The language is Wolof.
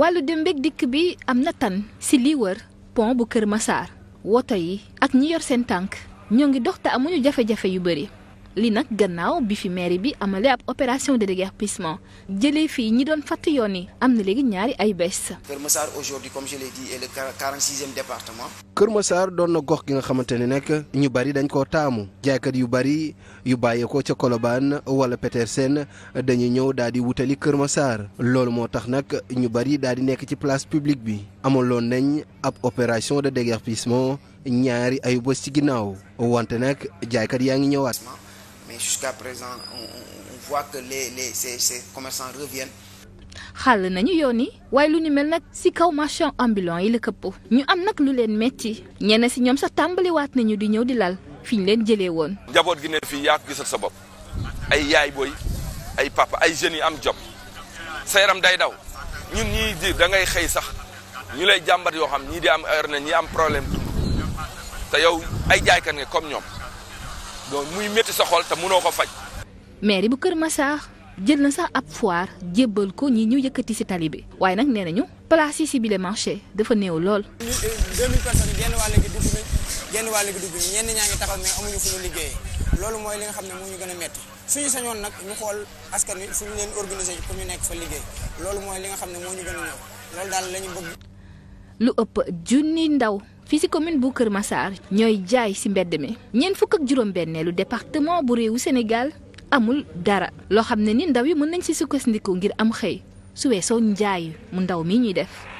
wàllu dem beeg dikk bi am na tan si lii wër pont bu Kër Massar woto yi ak ñi yor seen tànk ñoo ngi dox te amuñu jafe-jafe yu bëri. li nag gannaaw bi fi mairie bi amale ab opération de déguerpissement jëlee fii ñi doon fatt yoon yi am na léegi ñaari ay bés. Kër Massar aujourd'hui Kër Massar doon na gox gi nga xamante ne nag ñu bari dañ koo taamu jaaykat yu bari yu bàyyeekoo ca Colobane wala Petersen dañuy ñëw daal di wutali Kër Massar loolu moo tax nag ñu bari daal di nekk ci place publique bi amaloon nañ ab opération de déguerpissement ñaari ay bés ci ginnaaw wante nag jaaykat yaa ngi ñëwaat. mais jusqu'à présent on, on que les les ces ces commerçants reviennent. xàll nañu yoon yi waaye lu ni mel nag si kaw marchand ambulant yi la këpp ñu am nag lu leen metti ñenn si ñoom sax tàmbaliwaat nañu di ñëw di lal fi ñu leen jëlee woon. njaboot gi ne fii yaa ko gisal sa bopp ay yaay booy ay papa ay jeunes yi am job sa yaram day daw ñun ñii di da ngay xëy sax ñu lay jàmbat yoo xam ñii di am heure na ñii am problème te yow ay jaaykat nga comme ñoom. donc muy métti sa xool te mënoo ko faj. mairie bu Kër Massar jël na sax ab foire jébbal ko ñi ñu yëkkati si tali bi waaye nag nee nañu place yi si bile marché dafa néew lool. ñu eh, 2000 personnes genn wàll gi dugg nañ genn wàll gi dugg nañ ñenn ñaa ngi taxaw mais amuñu loolu mooy li nga xam ne moo ñu gën a métti suñu sañoon nag ñu xool askan wi suñu leen organisé pour ñu nekk fa liggéey loolu mooy li nga xam ne moo ñu gën a ñëw loolu daal lañu ñu bëgg. lu ëpp junni ndaw. fii ci commune bu Kër Massar ñooy jaay ci mbedd mi ñeent fukk ak juróom-benneelu département bu réewu Sénégal amul dara loo xam ne ni ndaw yi mën nañ ci sukkandiku ngir am xëy su weesoo njaay mu ndaw mi ñuy def.